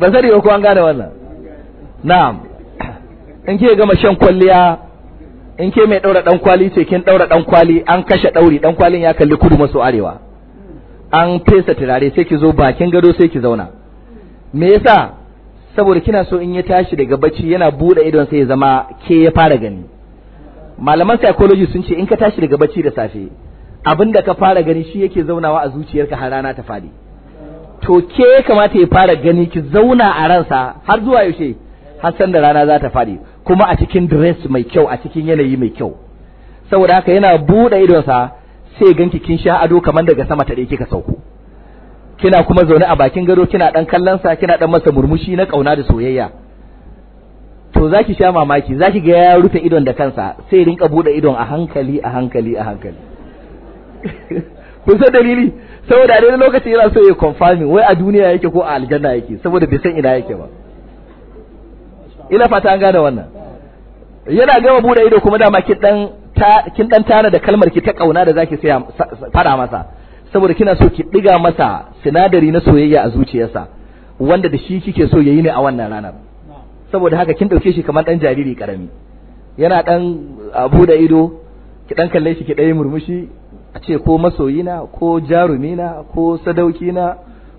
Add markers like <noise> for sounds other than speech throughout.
ban sani ba ko an gane wannan na'am in ke gama shan kwalliya in ke mai daura dan kwali ce kin daura dan kwali an kashe dauri dan kwalin ya kalli kudu maso arewa an fesa turare sai ki zo bakin gado sai ki zauna me yasa saboda kina so in ya tashi daga bacci yana bude idon sai ya zama ke ya fara gani malaman psychology sun ce in ka tashi daga bacci da safe abinda ka fara gani shi yake zaunawa a zuciyarka har rana ta fadi to ke ya kamata ya fara gani ki zauna a ransa har zuwa yaushe har san da rana za ta fadi kuma a cikin dress mai kyau a cikin yanayi mai kyau saboda haka yana buɗe idonsa sai ganki kin sha ado kamar daga sama ta kika sauko kina kuma zaune a bakin gado kina dan kallon sa kina dan masa murmushi na kauna da soyayya to zaki sha mamaki zaki ga ya rufe idon da kansa sai rinka buɗe idon a hankali a hankali a hankali <laughs> kun san dalili saboda a lokaci yana so ya confirming wai a duniya yake ko a aljanna yake saboda bai san ina yake ba ina fata an gane wannan yana gama bude ido kuma dama kin dan kin tana da kalmar ki ta kauna da zaki saya fara masa saboda kina so ki diga masa sinadari na soyayya a zuciyarsa wanda da shi kike so yayi ne a wannan ranar saboda haka kin dauke shi kamar dan jariri karami yana dan abu da ido ki dan kalle shi ki dai murmushi a ce ko masoyina ko jarumina ko sadaukina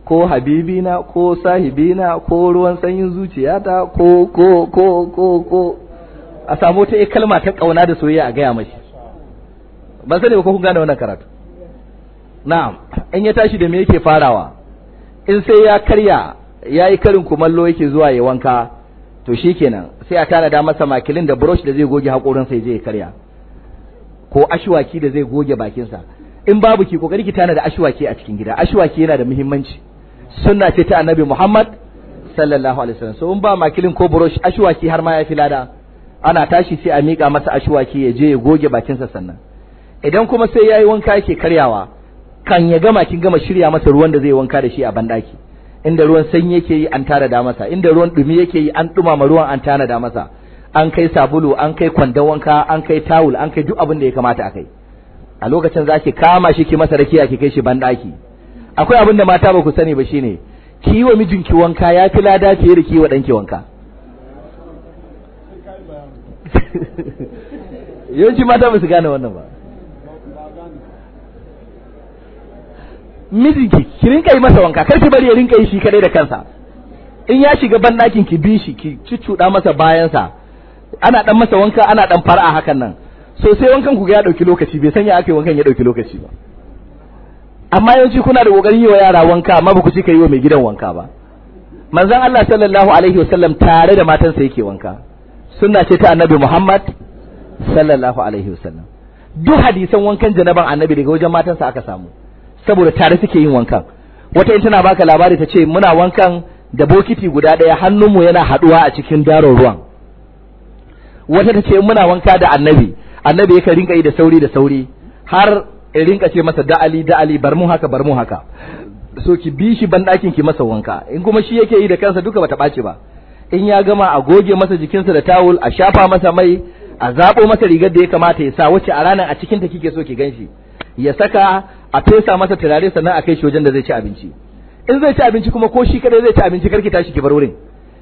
ko habibina ko sahibina ko ruwan sanyin zuciyata ko ko ko ko ko a samu ta kalma ta kauna da soyayya a gaya mashi ban sani ba ko kun gane wannan karatu na'am in ya tashi da me yake farawa in sai ya karya yayi karin kumallo yake zuwa ya wanka to shikenan sai a tana da masa makilin da brush da zai goge hakorin sai je karya ko ashwaki da zai goge bakinsa in babu ki kokari ki tana da ashwaki a cikin gida ashwaki yana da muhimmanci sunna ce ta annabi Muhammad sallallahu alaihi wasallam so in ba makilin ko brush ashwaki har ma ya fi lada ana tashi sai a mika masa ashwaki ya je ya goge bakinsa sannan idan kuma sai yayi wanka yake karyawa kan ya gama kin gama shirya masa ruwan da zai wanka da shi a bandaki inda ruwan sanyi yake yi an tara da masa inda ruwan dumi yake yi an dumama ruwan an tana da masa an kai sabulu an kai kwandon wanka an kai tawul an kai duk abin da ya kamata a kai a lokacin za ki kama shi ki masa rakiya ki kai shi banɗaki akwai abin da mata ba ku sani ba shine ki yi wa mijinki wanka ya fi lada fiye da ki wa ɗanki wanka <laughs> yawanci mata ba su gane wannan ba mijinki ki rinka yi masa wanka kar ki bari ya rinka yi shi kadai da kansa in ya shiga banɗakin ki bi shi ki cucuɗa masa bayansa ana dan masa wanka ana dan far'a hakan nan so sai wankan ku ga ya dauki lokaci bai sanya aka wankan ya dauki lokaci ba amma yanzu kuna da kokarin yi wa yara wanka amma ba ku ci yi wa mai gidan wanka ba manzon Allah sallallahu alaihi wasallam tare da matansa yake wanka sunna ce ta annabi Muhammad sallallahu alaihi wasallam duk hadisan wankan janaban annabi daga wajen matansa aka samu saboda tare suke yin wankan wata in tana baka labari ta ce muna wankan da bokiti guda ɗaya hannunmu yana haɗuwa a cikin daron ruwan wata ta ce muna wanka da annabi annabi ka rinka yi da sauri da sauri har in rinka ce masa da'ali da'ali bar mu haka bar mu haka so ki bi shi ban ɗakin ki masa wanka in kuma shi yake yi da kansa duka bata ɓaci ba in ya gama a goge masa jikinsa da tawul a shafa masa mai a zaɓo masa rigar da ya kamata ya sa wacce a ranar a cikinta kike so ki ganshi ya saka a fesa masa turare sannan a kai shi wajen da zai ci abinci in zai ci abinci kuma ko shi kadai zai ci abinci karki tashi ki bar wurin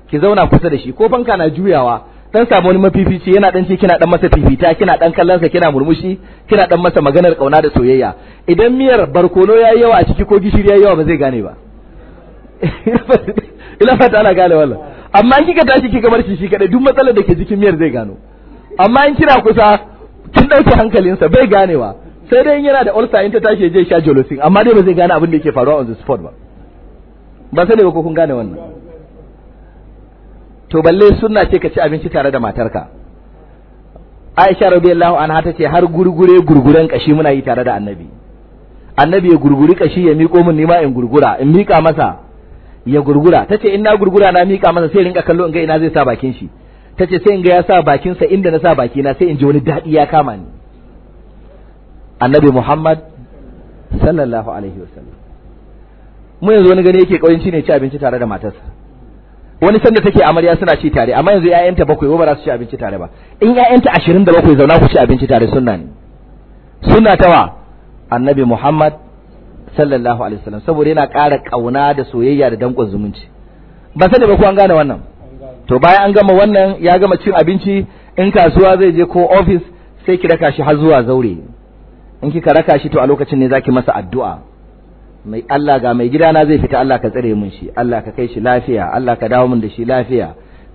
ki zauna kusa da shi ko fanka na juyawa dan samu wani mafifici yana dan ce kina dan masa fifita kina dan kallansa kina murmushi kina dan masa maganar kauna da soyayya idan miyar barkono yayi yawa a ciki ko gishiri yayi yawa ba zai gane ba ila <laughs> fata ana gane wallah amma in kika tashi kika bar shi shi kadai duk matsalar da ke jikin miyar zai gano amma in kina kusa kin dauki hankalinsa bai ganewa sai dai in yana da ulcer in ta tashi je sha jolosin amma dai ba zai gane abin da yake faruwa on the spot ba ba sai ne ba ko kun gane wannan to balle sunna ce ka ci abinci tare da matarka Aisha radiyallahu anha ta ce har gurgure gurguren kashi muna yi tare da annabi annabi ya gurguri kashi ya miko min nima in gurgura in mika masa ya gurgura tace in na gurgura na mika masa sai rinka kallo in ga ina zai sa bakin shi tace sai in ga ya sa bakin sa inda na sa baki na sai in ji wani dadi ya kama ni annabi Muhammad sallallahu alaihi wasallam mu yanzu wani gani yake kauyanci ne ci abinci tare da matarsa wani sanda take amarya suna ci tare amma yanzu ƴaƴanta bakwai ba za su ci abinci tare ba in ƴaƴanta 27 zauna ku ci abinci tare sunna ne sunna ta wa annabi Muhammad sallallahu alaihi wasallam saboda yana ƙara kauna da soyayya da dankon zumunci ba sai da ba ku an gane wannan to bayan an gama wannan ya gama cin abinci in kasuwa zai je ko office sai ki raka shi har zuwa zaure in kika raka shi to a lokacin ne zaki masa addu'a mai Allah ga mai gida na zai fita Allah ka tsare mun shi Allah ka kai shi lafiya Allah ka dawo mun da shi lafiya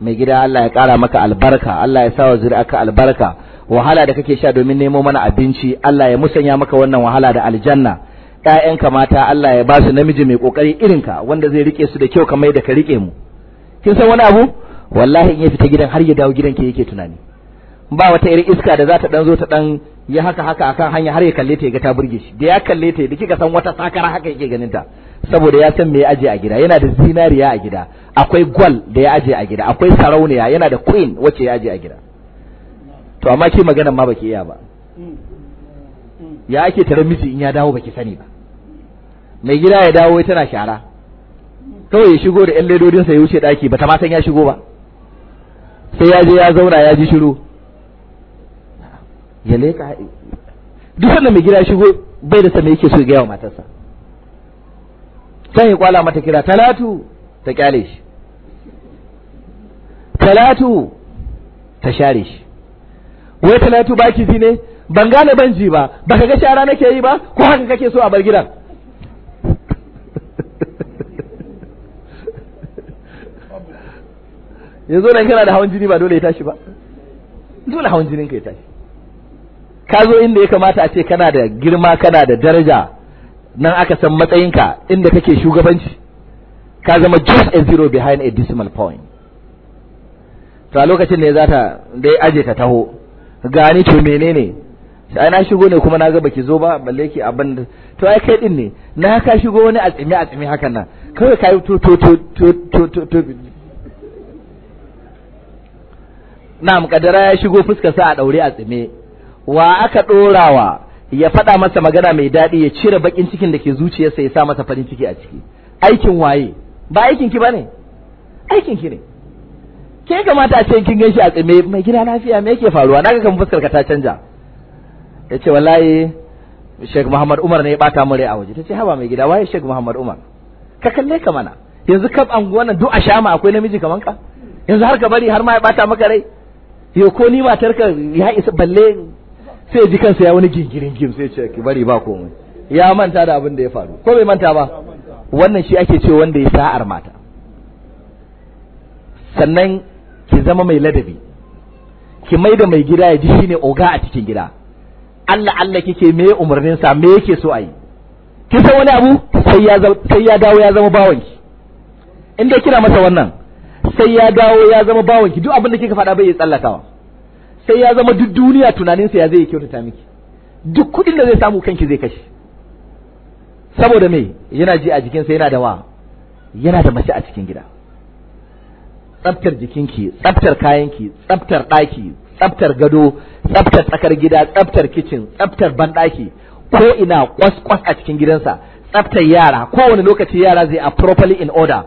mai gida Allah ya kara maka albarka Allah ya sawa zuri'arka albarka wahala da kake sha domin nemo mana abinci Allah ya musanya maka wannan wahala da aljanna ka mata Allah ya ba su namiji mai kokari irin ka wanda zai rike su da kyau kamar da ka rike mu kin san wani abu wallahi in ya fita gidan har ya dawo gidan ke yake tunani ba wata irin iska da za ta dan zo ta dan yi haka haka akan hanya har ya kalle ta ya ga ta burge shi da ya kalle ta da kika san wata sakara haka yake ganin ta saboda ya san me ya aje a gida yana da zinariya a gida akwai gwal da ya aje a gida akwai sarauniya yana da queen wacce ya aje a gida to amma ki magana ma baki iya ba ya ake tare miji in ya dawo baki sani ba mai gida ya dawo tana shara kawai ya shigo da yan ledodinsa ya wuce daki ba ta ma san ya shigo ba sai ya je ya zauna ya ji shiru ya leka duk wanda mai gida shigo bai da sanda yake so ya gaya wa matarsa sai ya kwala mata kira talatu ta kyale shi talatu ta share shi wai talatu baki ji ne ban gane ban ji ba baka ga shara nake yi ba ko haka kake so a bar gidan <laughs> yanzu nan kana da hawan jini ba dole ya tashi ba dole hawan jinin ka ya tashi ka zo inda ya kamata a ce kana da girma kana da daraja nan aka san matsayinka inda kake shugabanci ka zama just a zero behind a decimal point to a lokacin ne za ta dai aje ta taho gani to menene sai na shigo ne kuma na ga baki zo ba balle ki abin to ai kai din ne na ka shigo wani a tsimi a tsimi hakan nan kawai kai to to to to to to na kadara ya shigo fuskar sa a daure a tsime wa aka ɗorawa ya faɗa masa magana mai daɗi ya cire baƙin cikin da ke zuciyarsa ya sa masa farin ciki a ciki aikin waye ba aikin ki bane aikin ki ne ke kamata a ce kin ganshi a tsime mai gida lafiya me yake faruwa naga kan fuskar ka ta canja yace wallahi Sheikh Muhammad Umar ne ya bata mu rai a waje tace haba mai gida waye Sheikh Muhammad Umar ka kalle ka mana yanzu kaf anguwan nan duk a shama akwai namiji kaman ka yanzu har ka bari har ma ya bata maka rai yo ko ni ka ya isa balle sai ji kansa ya wani gingirin gim sai ce ki bari ba komai ya manta da abin da ya faru ko bai manta ba wannan shi ake cewa wanda ya sa'ar mata sannan ki zama mai ladabi ki mai da mai gida ya ji shine oga a cikin gida Allah Allah kike me umarnin sa me yake so ayi ki san wani abu sai ya sai ya dawo ya zama ki. inda kina masa wannan sai ya dawo ya zama ki duk abin da kika faɗa bai tsallakawa sai ya zama duk duniya tunaninsa ya zai kyautata miki duk kuɗin da zai samu kanki zai kashe saboda me yana ji a jikinsa yana da wa yana da mace a cikin gida tsaftar jikinki tsaftar kayanki tsaftar ɗaki tsaftar gado tsaftar tsakar gida tsaftar kicin tsaftar banɗaki ko ina kwas a cikin gidansa tsaftar yara kowane lokaci yara zai a properly in order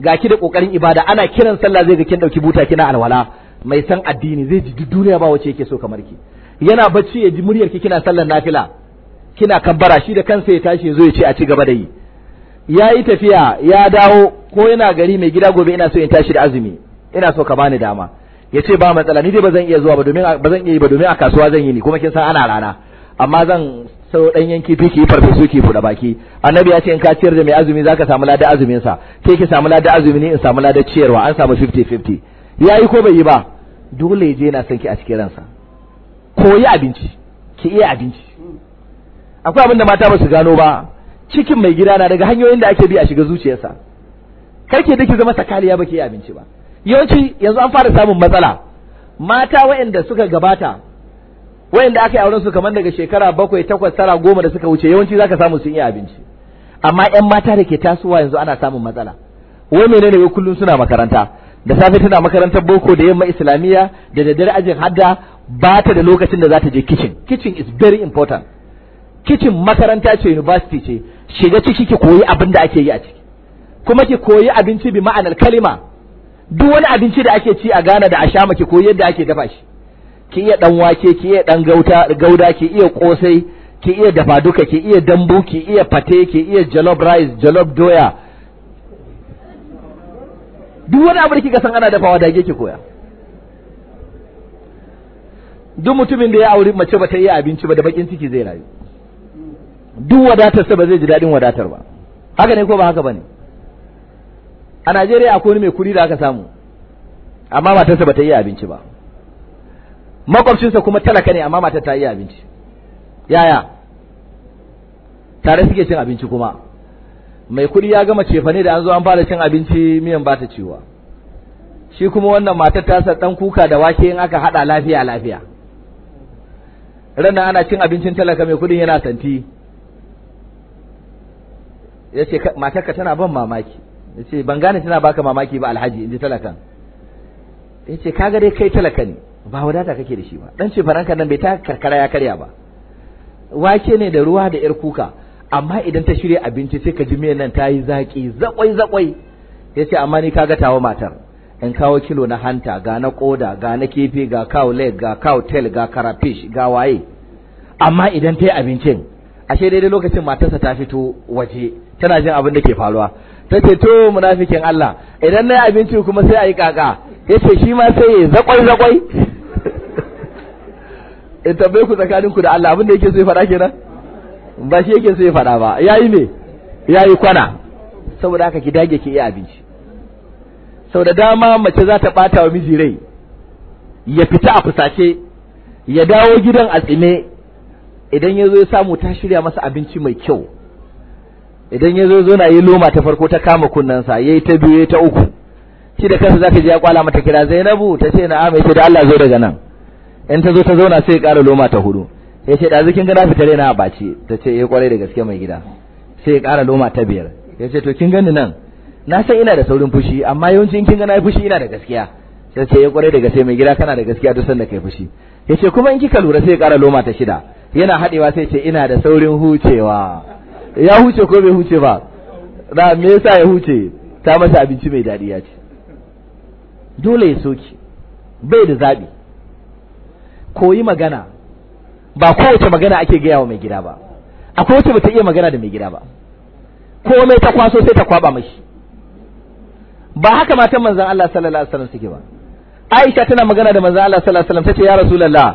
ga ki da kokarin ibada ana kiran sallah zai ga kin ɗauki buta kina alwala mai san addini zai ji duniya ba wace yake so kamar ki yana bacci ya ji muryar ki kina sallar nafila kina kabbara shi da kansa ya tashi ya zo ya ce a ci gaba da yi ya yi tafiya ya dawo ko yana gari mai gida gobe ina so in tashi da azumi ina so ka bani dama ya ce ba matsala ni dai ba zan iya zuwa ba domin ba iya yi ba domin a kasuwa zan yi ni kuma kin san ana rana amma zan sau dan yanki fi ki farfesu ki buɗe baki annabi ya ce in ka ciyar da mai azumi zaka samu ladan azumin sa ke ki samu ladan azumi ne in samu ladan ciyarwa an samu 50 50 ya yi ko bai yi ba dole ya je na son ki a cikin ransa koyi abinci ki iya abinci akwai abin da mata ba su gano ba cikin mai gida na daga hanyoyin da ake bi a shiga zuciyarsa kar ke duki zama sakaliya ba ki iya abinci ba yawanci yanzu an fara samun matsala mata waɗanda suka gabata waɗanda aka yi auren su kamar daga shekara bakwai takwas tara goma da suka wuce yawanci zaka samu sun iya abinci amma 'yan mata da ke tasowa yanzu ana samun matsala wai menene wai kullum suna makaranta da safe tana makarantar boko da yamma islamiyya da daddare ajin hadda ba ta da lokacin da za ta je kitchen kitchen is very important kitchen makaranta ce university ce shiga ciki ki koyi abin da ake yi a ciki kuma ki koyi abinci bi ma'anar kalima duk wani abinci da ake ci a gana da a sha maki koyi yadda ake dafa shi ki iya dan wake ki iya dan gauta gauda ki iya kosai ki iya dafa duka ki iya dambu ki iya fate ki iya jollof rice jollof doya duk wani abu da kika san ana dafawa dage ki koya duk mutumin da ya auri mace ba ta iya abinci ba da bakin ciki zai rayu duk wadatarsa ba zai ji daɗin wadatar ba haka ne ko ba haka ba ne a najeriya akwai wani mai kuri da aka samu amma sa ba ta iya abinci ba makwabcinsa kuma talaka ne amma matar ta iya abinci yaya tare suke cin abinci kuma mai kuɗi ya gama cefane da an zo an fara cin abinci miyan ba ta ciwa shi kuma wannan matar ta sa dan kuka da wake in aka hada lafiya lafiya ranar ana cin abincin talaka mai kuɗin yana santi ya ce matarka tana ban mamaki ya ce ban gane tana baka mamaki ba alhaji in ji talakan ya ce kaga dai kai talaka ne ba wadata kake da shi ba dan ce faranka nan bai ta karkara ya karya ba wake ne da ruwa da yar kuka amma idan ta shirya abinci sai ka ji mai nan ta yi zaƙi zaƙwai zaƙwai ya ce amma ni kaga tawa matar in kawo kilo na hanta ga na ƙoda ga na kifi ga cow leg ga cow tail ga karafish ga waye amma idan ta yi abincin ashe daidai lokacin matarsa ta fito waje tana jin abin da ke faruwa ta ce to munafikin Allah idan na yi abinci kuma sai a yi kaka ya ce shi ma sai ya zaƙwai zaƙwai <laughs> in tabbai ku tsakaninku da Allah abin da yake so ya faɗa kenan ba shi yake so ya faɗa ba yayi me yayi kwana saboda haka ki dage ki iya abinci saboda da dama mace za ta ɓata wa miji rai ya fita a fusace ya dawo gidan a tsime idan ya zo ya samu ta shirya masa abinci mai kyau idan ya zo na yi loma ta farko ta kama kunnensa ya yi ta biyu ya ta uku shi da kansa za ka je ya kwala mata kira zainabu ta ce na'am ya da Allah zo daga nan in ta zo ta zauna sai ya kara loma ta hudu ya ce ɗazu kin gana fitare na baci ta ce ya eh, kwarai da gaske mai gida sai ya ƙara loma ta biyar ya ce to kin gani nan na san ina da saurin fushi amma yawanci in kin gana fushi ina da gaskiya sai ce ya eh, kwarai da gaske mai gida kana da gaskiya duk sanda kai fushi ya ce kuma in kika lura sai ya ƙara loma ta shida yana haɗewa sai ce ina da saurin hucewa ya huce ko bai huce ba da me yasa ya huce ta masa abinci mai daɗi ya ce dole ya soki bai da zaɓi koyi magana ba kowace magana ake gaya wa mai gida ba akwai wacce bata iya magana da mai gida ba komai ta kwaso sai ta kwaba mashi ba haka matan manzon Allah sallallahu alaihi wasallam suke ba Aisha tana magana da manzon Allah sallallahu alaihi wasallam tace ya Rasulullah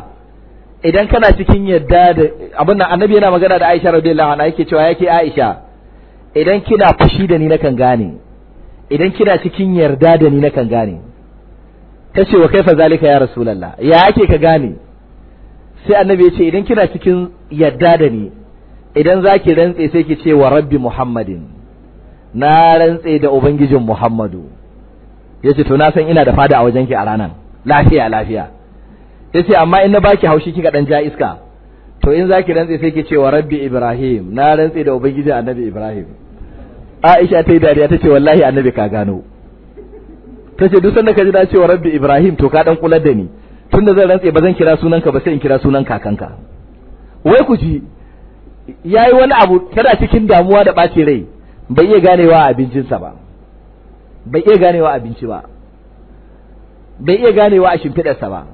idan kana cikin yadda da abin nan annabi yana magana da Aisha radiyallahu anha yake cewa yake Aisha idan kina fushi da ni nakan gane idan kina cikin yarda da ni nakan gane tace wa kaifa zalika ya Rasulullah ya yake ka gane sai annabi ya ce idan kina cikin yadda da ni idan za ki rantse sai ki ce wa rabbi muhammadin na rantse da ubangijin muhammadu ya ce to na san ina da fada a wajen ki a ranan lafiya lafiya ya ce amma in na baki haushi kika dan ja iska to in za ki rantse sai ki ce wa rabbi ibrahim na rantse da ubangijin annabi ibrahim aisha ta yi dariya ta ce wallahi annabi ka gano ta ce duk sanda ka ji na ce wa rabbi ibrahim to ka dan kular da ni tunda zan rantse ba zan kira sunanka ba sai in kira sunan kakanka wai ku ji yayi wani abu kada cikin damuwa da ɓaci rai bai iya ganewa abincinsa ba bai iya ganewa abinci ba bai iya ganewa a shimfiɗarsa ba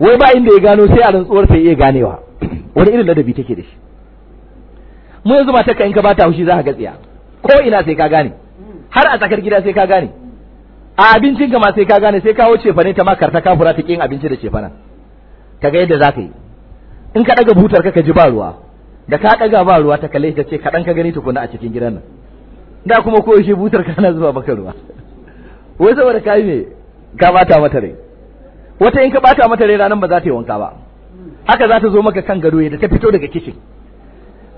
wai ba inda ya gano sai a rantsuwar sai iya ganewa <clears throat> wani irin ladabi take da shi mu yanzu matarka in ka bata haushi za ka ga tsiya ko ina sai ka gane har a tsakar gida sai ka gane a abincin ka ma sai ka gane sai kawo cefane ta ma karta kafura ta kin abinci da cefanen kaga yadda za ka yi in ka ɗaga butar ka ka ji ba ruwa da ka ɗaga ba ruwa ta kalle ka ce kaɗan ka gani tukuna a cikin gidan nan da kuma ko yaushe butar ka na zuba maka ruwa <laughs> wai saboda kai me ka bata mata rai wata in ka bata mata rai ranan ba za ta yi wanka ba haka za ta zo maka kan gado yadda ta fito daga kishin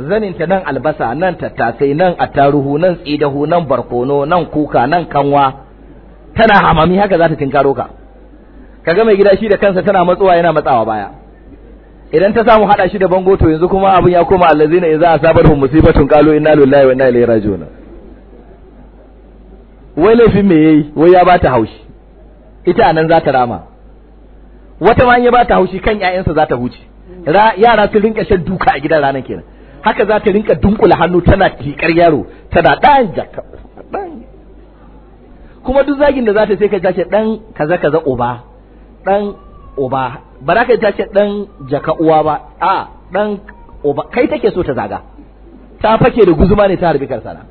zanin ta nan albasa nan tattasai nan attaruhu nan tsidahu nan barkono nan kuka nan kanwa tana hamami haka za ta tinkaro ka kaga mai gida shi da kansa tana matsuwa yana matsawa baya idan ta samu hada shi da bango to yanzu kuma abin ya koma allazina idza asabarhum musibatun qalu inna lillahi wa inna ilaihi raji'un wai laifin me yayi wai ya bata haushi ita anan za ta rama wata ma in ya bata haushi kan ƴaƴansa za ta huce yara su rinka shan duka a gidan ranar kenan haka za ta rinka dunkula hannu tana tikar yaro tana dan jaka kuma duk zagin da za ta sai ka tace dan kaza kaza uba dan uba ba za ka tace dan jaka uwa ba a dan uba kai take so ta zaga ta fake da guzuma ne ta harbi sana.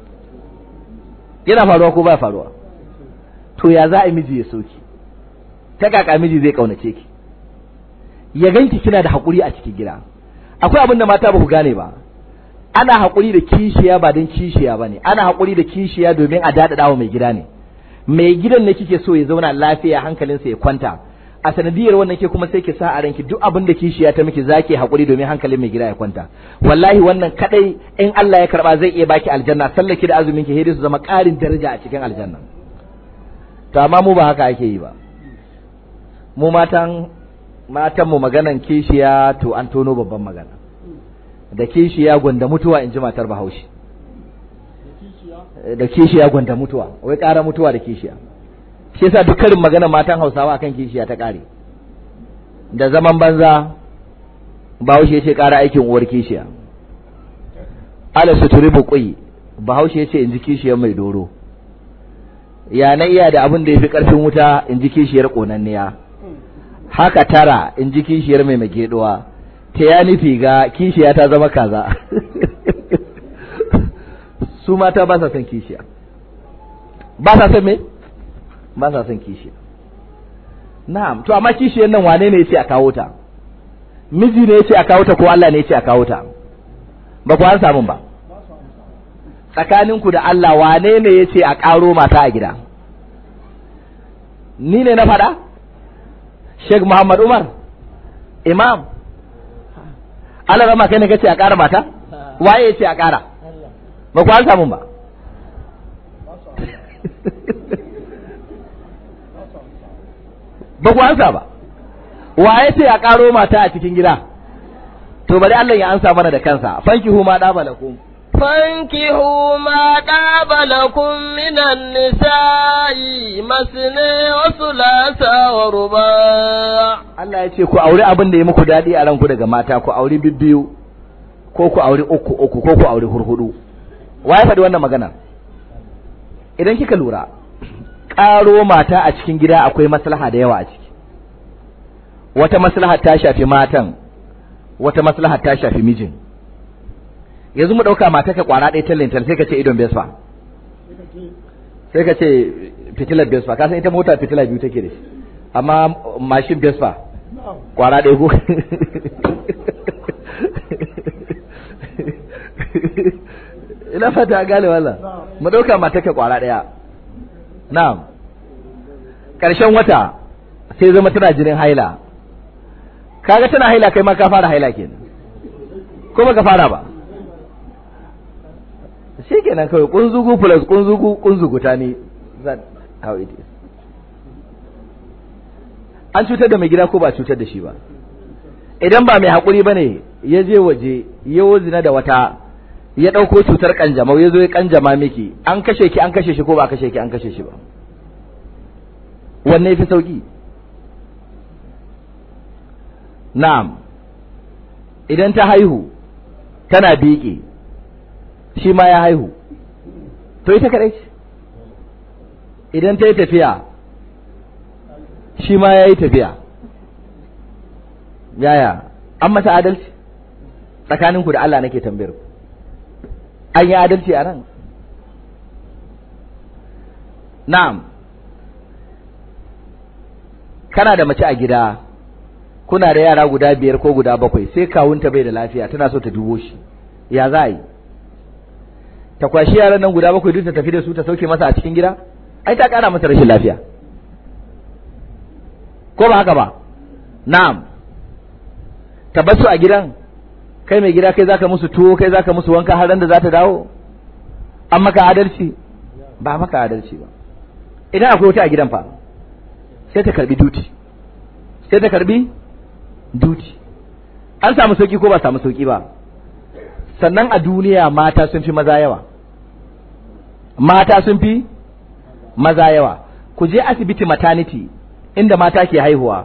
yana faruwa ko ba faruwa to ya za a miji ya soki ta kaka miji zai kaunace ki ya ganki kina da hakuri a cikin gida akwai abin da mata ba ku gane ba ana hakuri da kishiya ba don kishiya ba ne, ana hakuri da kishiya domin a daɗaɗa wa mai gida ne mai gidan ne kike so ya zauna lafiya hankalinsa ya kwanta a sanadiyar wannan ke kuma sai ki sa a ranki duk abin da kishiya ta miki zaki hakuri domin hankalin mai gida ya kwanta wallahi wannan kadai in Allah ya karba zai iya baki aljanna sallaki da azumin ki hedi su zama karin daraja a cikin aljanna to amma mu ba haka ake yi ba mu matan matan mu maganan kishiya to an tono babban magana da kishiya gwanda mutuwa in ji matar Bahaushe da kishiya gwanta mutuwa wai ƙara mutuwa da kishiya shi yasa duk karin magana matan Hausawa akan kishiya ta ƙare da zaman banza Bahaushe ya ce ƙara aikin uwar kishiya ala turi qi Bahaushe ya ce in ji kishiyar mai doro ya na iya da abin da ya fi ƙarfin wuta in ji kishiyar ƙonanniya haka tara in ji kishiyar mai magedowa ta ya nufi ga kishiya ta zama kaza <laughs> su mata ba sa son kishiya ba sa son me ba sa son kishiya na'am to amma kishiyar nan wane ne yace a kawo ta miji ne yace a kawo ta ko Allah ne yace a kawo ta ba ku an samu ba tsakaninku da Allah wane ne yace a karo mata a gida ni ne na faɗa Sheikh Muhammad Umar imam Allah ma kai ne kace a kara mata waye yace a kara. ba ku an samu ba ba ku ansa ba wa ya ce a karo mata a cikin gida to bari Allah ya ansa mana da kansa fanki huma da balakum فانكحوا ما minan nisa'i masne النساء مثنى وثلاث ورباع Allah ya ce ku aure abin da ya muku dadi a ranku daga mata ku aure bibbiyu ko ku aure uku uku ko ku aure hurhudu wa ya faɗi wannan magana idan kika lura ƙaro mata a cikin gida akwai maslaha da yawa a ciki wata maslaha ta shafi matan wata maslaha ta shafi mijin yanzu mu ɗauka mata ka ƙwara ɗaya tallintar sai ka ce idon besfa sai ka ce fitilar besfa san ita mota fitila biyu take da shi amma mashin besfa ƙwara ɗaya ko <laughs> ina fata gane wannan mu dauka ke kwara daya na'am karshen wata sai zama tana jinin haila kaga tana haila kai ma ka fara haila kenan ko ba ka fara ba kenan kawai kunzugu plus kunzugu kunzugu ta ni that how it is an cutar da mai gida ko ba cutar da shi ba idan ba mai hakuri bane ya je waje ya zina da wata ya ɗauko cutar ƙanjamau ya zo ya ƙanjama miki an kashe ki an kashe shi ko ba kashe ki an kashe shi ba wannan ya fi sauƙi. na'am idan ta haihu tana biƙe shi ma ya haihu to ita kaɗai ce idan ta yi tafiya shi ma ya yi tafiya yaya an mata adalci tsakaninku da Allah nake tambayar ku an yi adalci a nan na'am kana da mace a gida kuna da yara guda biyar ko guda bakwai sai kawunta bai da lafiya tana so ta dubo shi ya za a yi ta kwashi yaran nan guda bakwai duk ta tafi da su ta sauke masa a cikin gida ai ta kara masa rashin lafiya ko ba haka ba na'am ta basu a gidan kai mai gida kai zaka musu tuwo kai zaka musu wanka har da za ta dawo an maka adalci ba maka adalci ba idan akwai wuta a gidan fa sai ta karbi duti sai ta karbi duti an samu sauki ko ba samu sauki ba sannan a duniya mata sun fi maza yawa mata sun fi maza yawa ku je asibiti maternity inda mata ke haihuwa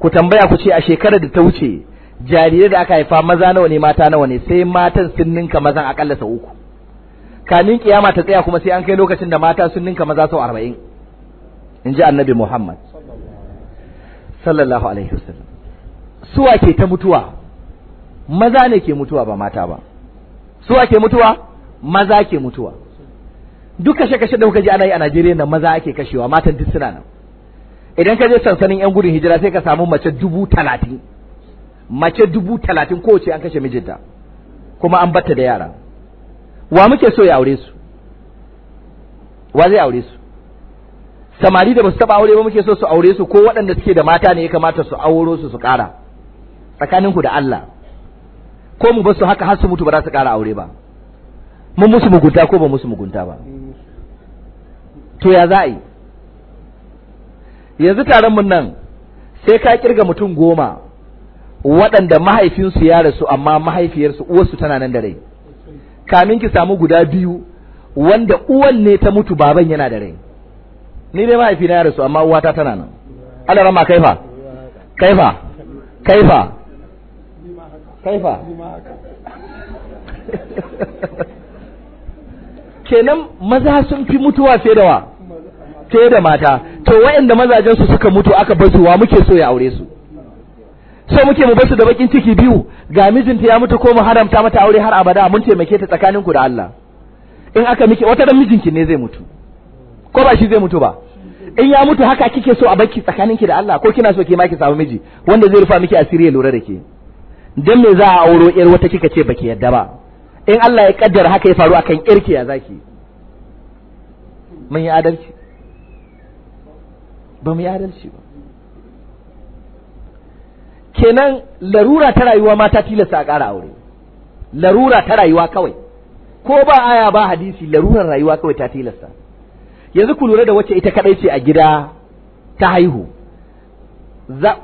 ku tambaya ku ce a shekarar da ta wuce jarirai da aka haifa maza nawa ne mata nawa ne sai matan sun ninka maza akalla sau uku kamin kiyama ta tsaya kuma sai an kai lokacin da mata sun ninka maza sau arba'in in ji annabi muhammad sallallahu alaihi wasallam suwa ke ta mutuwa maza ne ke mutuwa ba mata ba suwa ke mutuwa maza ke mutuwa duk kashe-kashe da kuka ji ana yi a Najeriya da maza ake kashewa matan duk suna nan idan ka je sansanin yan gudun hijira sai ka samu mace dubu talatin mace dubu talatin kowace an kashe mijinta kuma an batta da yara wa muke so ya aure su wa zai aure su samari da basu taba aure ba muke so su aure su ko waɗanda suke da mata ne ya kamata su auro su su ƙara tsakaninku da Allah ko mu basu haka har su mutu ba za su ƙara aure ba mun musu mugunta ko ba musu mugunta ba to ya za yanzu taron mun nan sai ka kirga mutum goma waɗanda mahaifinsu ya rasu amma mahaifiyarsu uwarsu tana nan da rai kamin ki samu guda biyu wanda uwan ne ta mutu baban yana da rai ni dai mahaifina ya rasu amma uwata tana nan Allah rama kaifa kaifa kaifa kaifa <laughs> kenan maza sun fi mutuwa fiye da wa fiye da mata to waɗanda mazajen su suka mutu aka bar su wa muke so ya aure su so muke mu basu da bakin ciki biyu ga mijinta ya mutu ko mu haramta mata aure har abada mun taimake ta tsakaninku da Allah in aka miki wata dan mijinki ne zai mutu ko ba shi zai mutu ba in ya mutu haka kike so a baki tsakaninki da Allah ko kina so ke ma ki samu miji wanda zai rufa miki asiri ya lura da ke dan me za a auro yar wata kika ce baki yadda ba in Allah ya kaddara haka ya faru akan ki ya zaki mun yi adalci ba mu yi adalci ba kenan larura ta rayuwa mata tilasta a ƙara aure larura ta rayuwa kawai ko ba aya ba hadisi larurar rayuwa kawai ta tilasta yanzu ku lura da wacce ita kadai ce a gida ta haihu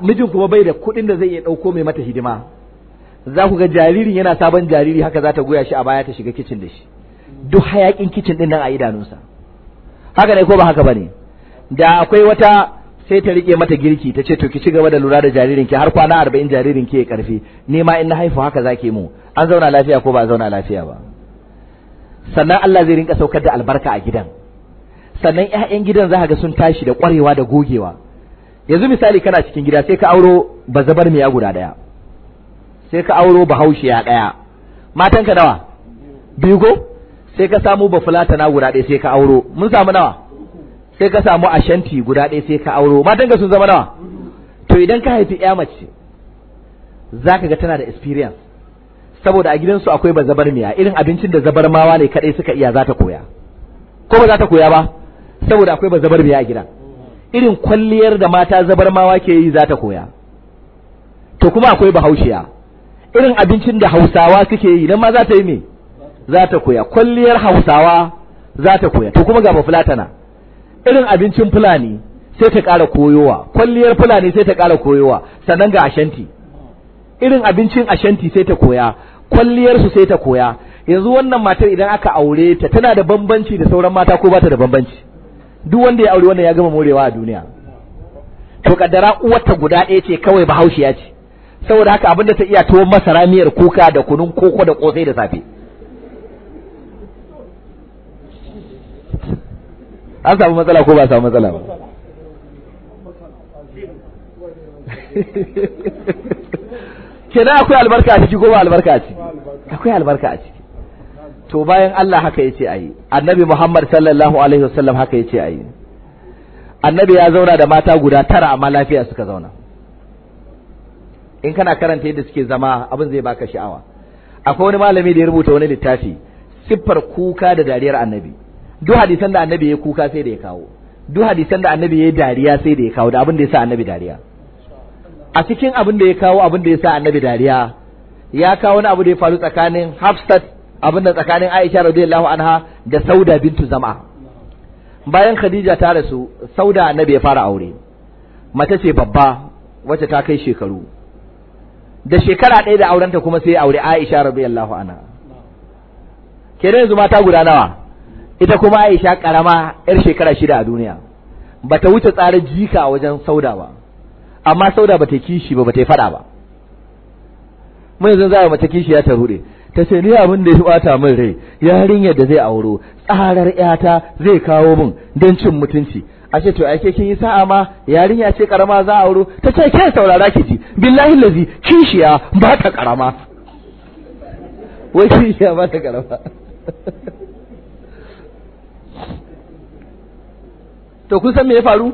mijin kuma bai da kuɗin da zai iya ɗauko mai mata hidima za ku ga jaririn yana sabon jariri haka za ta goya shi a baya ta shiga kicin da shi duk hayakin kicin ɗin nan a idanunsa haka ne ko ba haka ba ne da akwai wata sai ta rike mata girki ta ce to ki ci gaba da lura da ki har kwana arba'in ki ya karfi ni ma in na haifu haka zake mu an zauna lafiya ko ba a zauna lafiya ba sannan Allah zai rinka saukar da albarka a gidan sannan ƴaƴan gidan za ga sun tashi da ƙwarewa da gogewa yanzu misali kana cikin gida sai ka auro bazabar miya guda ɗaya sai ka auro bahaushiya ɗaya matanka nawa biyu go sai ka samu bafulatana guda ɗaya sai ka auro mun samu nawa sai ka samu ashanti guda ɗaya sai ka auro matan ka sun zama nawa to idan ka haifi ya mace za ka ga tana da experience saboda a gidansu akwai miya irin abincin da zabar mawa ne kadai suka iya za ta koya ko ba za ta koya ba saboda akwai miya a gidan irin kwalliyar da mata zabar mawa ke yi za ta koya to kuma akwai bahaushiya irin abincin da hausawa suke yi nan ma za ta yi me za ta koya kwalliyar hausawa za ta koya to kuma ga bafulatana irin abincin fulani sai ta ƙara koyowa kwalliyar fulani sai ta ƙara koyowa sannan ga ashanti irin abincin ashanti sai ta koya kwalliyar su sai ta koya yanzu wannan matar idan aka aure ta tana da bambanci da sauran mata ko bata da bambanci duk wanda ya aure wannan ya gama morewa a duniya to kaddara uwarta guda ɗaya ce kawai bahaushiya ce saboda haka abinda ta iya tuwon masara miyar kuka da kunun koko da kosai da safe an samu matsala ko ba samu matsala ba kenan akwai albarka a ciki ko ba albarka a ciki akwai albarka a ciki to bayan Allah haka yace ayi annabi Muhammad sallallahu alaihi wasallam haka yace ayi annabi ya zauna da mata guda tara amma lafiya suka zauna in kana karanta yadda suke zama abin zai baka sha'awa akwai wani malami da ya rubuta wani littafi siffar kuka da dariyar annabi duk hadisan da annabi ya kuka sai da ya kawo duk hadisan da annabi ya dariya sai da ya kawo da abin da ya sa annabi dariya a cikin abin da ya kawo abin da ya sa annabi dariya ya kawo wani abu da ya faru tsakanin Hafsat abin da tsakanin Aisha radiyallahu anha da Sauda bintu Zama bayan Khadija ta rasu Sauda annabi ya fara aure mace ce babba wacce ta kai shekaru da shekara ɗaya da aurenta kuma sai aure Aisha radiyallahu anha kenan yanzu mata guda nawa ita kuma Aisha karama yar shekara shida a duniya bata wuce tsara jika a wajen sauda ba amma sauda bata kishi ba bata fada ba mun yanzu zai mata kishi ya ta rude ta ce ni abin da ya bata min rai yarinyar da zai auro tsarar yata zai kawo min don cin mutunci a ce to ake kin yi sa'a ma yarinya ce karama za a auro ta ce ke saurara ki ji billahi lazi kishiya ba ta karama wai kishiya ba ta karama <laughs> to kun san me ya faru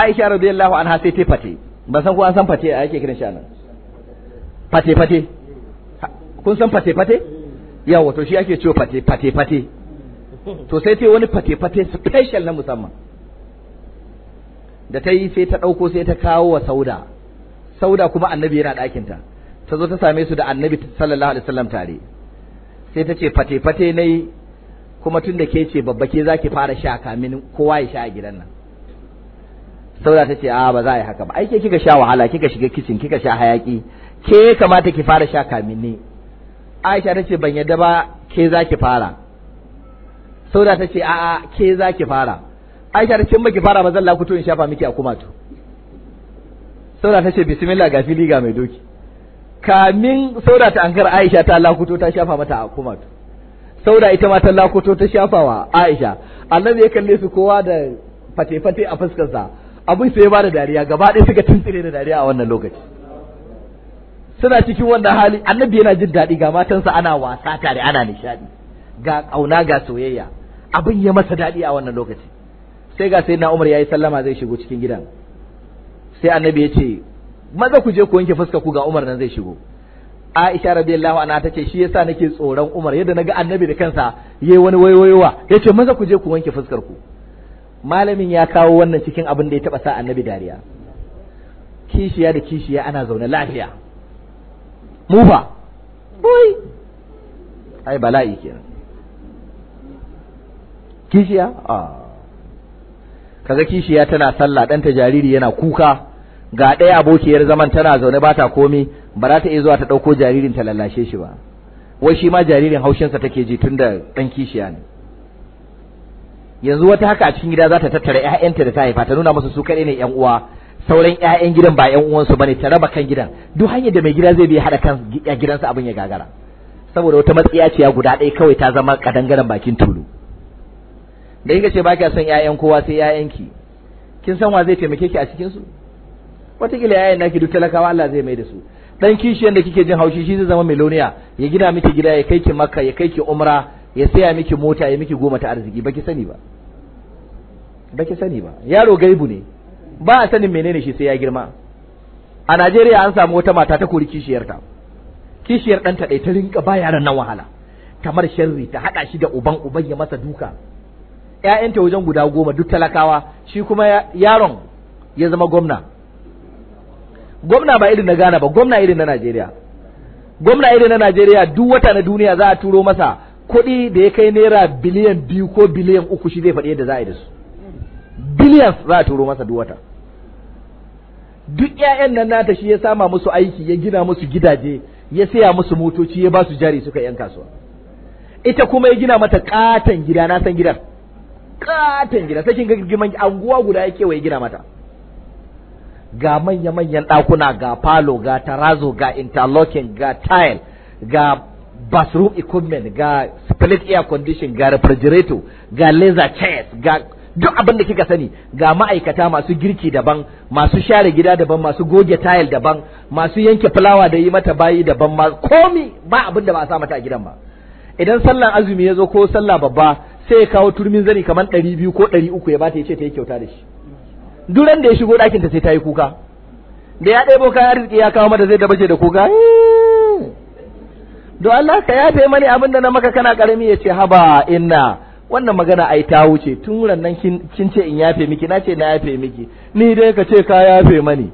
Aisha radiyallahu anha sai ta fate ban san ko an san fate ake kiran shi anan fate fate kun san fate fate yawa to shi ake cewa fate fate fate to sai ta wani fate fate special na musamman da ta yi sai ta ɗauko sai ta kawo wa sauda sauda kuma annabi yana ɗakinta ta zo ta same su da annabi sallallahu alaihi wasallam tare sai ta ce fate fate nayi kuma tun da ke ce babba ke zaki fara sha kamin kowa ya sha a gidan nan saura ta ce a ba za a yi haka ba ai ke kika sha wahala kika shiga kicin kika sha hayaki ke kamata ki fara sha kamin ne? Aisha ta ce ban yadda ba ke zaki fara saura ta ce a a ke zaki fara Aisha ta ce ba ki fara ba zan lakuto in shafa miki a kumatu saura ta ce bismillah ga fili ga mai doki kamin saura ta ankar Aisha ta lakuto ta shafa mata a kumatu sauda ita matan lakoto ta shafawa Aisha annabi ya kalle su kowa da fate-fate a fuskarsa abin sai ya bada dariya gaba ɗaya suka tuntsire da dariya a wannan lokaci suna cikin wannan hali annabi yana jin daɗi ga matansa ana wasa tare ana nishaɗi ga ƙauna ga soyayya abin ya masa daɗi a wannan lokaci sai ga sai na Umar yayi sallama zai shigo cikin gidan sai annabi ya ce maza ku je ku wanke fuska ku ga Umar nan zai shigo Aisha radiyallahu anha tace shi yasa nake tsoron Umar yadda naga annabi da kansa yayi wani wayoyowa yace maza ku je ku wanke fuskar ku malamin ya kawo wannan cikin abin da ya taba sa annabi dariya kishiya da kishiya ana zaune lafiya Mu ba, boy ai bala'i kenan kishiya a ah. kaga kishiya tana sallah dan ta jariri yana kuka ga ɗaya abokiyar zaman tana zaune ba ta komi ba za ta iya zuwa ta ɗauko jaririn ta lallashe shi ba wai shi ma jaririn haushinsa take ji tun da ɗan kishiya ne yanzu wata haka a cikin gida za ta tattara ƴaƴanta da ta haifa ta nuna musu su kaɗai ne ƴan uwa sauran 'ya'yan gidan ba 'yan uwansu bane ta raba kan gidan duk hanyar da mai gida zai bi haɗa kan gidansa abin ya gagara saboda wata matsiya ce ya guda ɗaya kawai ta zama kadangaren bakin tulu da kika ce ba kya son 'ya'yan kowa sai 'ya'yanki kin san wa zai taimake ki a cikinsu. watakila yayin naki duk talakawa Allah zai mai da su dan kishiyar da kike jin haushi shi zai zama miloniya ya gina miki gida ya kai ki makka ya kai ki umra ya saya miki mota ya miki goma ta arziki baki sani ba baki sani ba yaro gaibu ne ba a sanin menene shi sai ya girma a Najeriya an samu wata mata ta kori kishiyar ta kishiyar ɗanta dai ta rinka ba yaran nan wahala kamar sharri ta haɗa shi da uban uban ya masa duka ƴaƴanta wajen guda goma duk talakawa shi kuma yaron ya zama gwamna gwamna ba irin na Ghana ba gwamna irin na Najeriya gwamna irin na Najeriya duk wata na duniya za a turo masa kuɗi da ya kai naira biliyan biyu ko biliyan uku shi zai faɗi yadda za a yi da su biliyan za a turo masa duk wata duk 'ya'yan nan nata shi ya sama musu aiki ya gina musu gidaje ya saya musu motoci ya ba su jari suka yan kasuwa ita kuma ya gina mata katon gida na san gidan katon gida sai kin ga girman anguwa guda ya kewaye gina mata ga manya-manyan ɗakuna ga falo ga tarazo ga interlocking ga tile ga bathroom equipment ga split air condition ga refrigerator ga laser chairs ga duk abin da kika sani ga ma'aikata masu girki daban masu share gida daban masu goge tile daban masu yanke fulawa da yi mata bayi daban ma komi ba abin da ba a sa mata a gidan ba idan sallan azumi ya zo ko sallah babba sai ya kawo turmin zani kamar ɗari biyu ko ɗari uku ya bata ya ce ta yi kyauta da shi duran da ya shigo ɗakin ta sai ta yi kuka da ya ɗebo kayan arziki ya kawo mata zai da bace da kuka eh. don Allah ka yafe mani abin da na maka kana karami ya ce haba inna wannan magana ai ta wuce tun rannan kin ce in yafe miki na ce na yafe miki ni dai ka ce ka yafe mani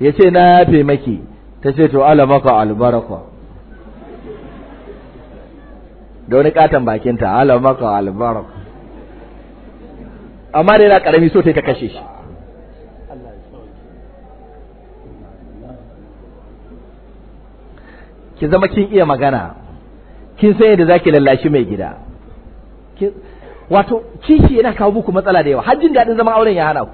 ya ce na yafe maki ta ce to ala maka albaraka da wani katon bakinta ala maka albaraka amma dai na karami so ta kashe shi ki zama kin iya magana kin san yadda zaki lallashi mai gida wato kishi yana kawo muku matsala da yawa har jin daɗin zaman auren ya hana ku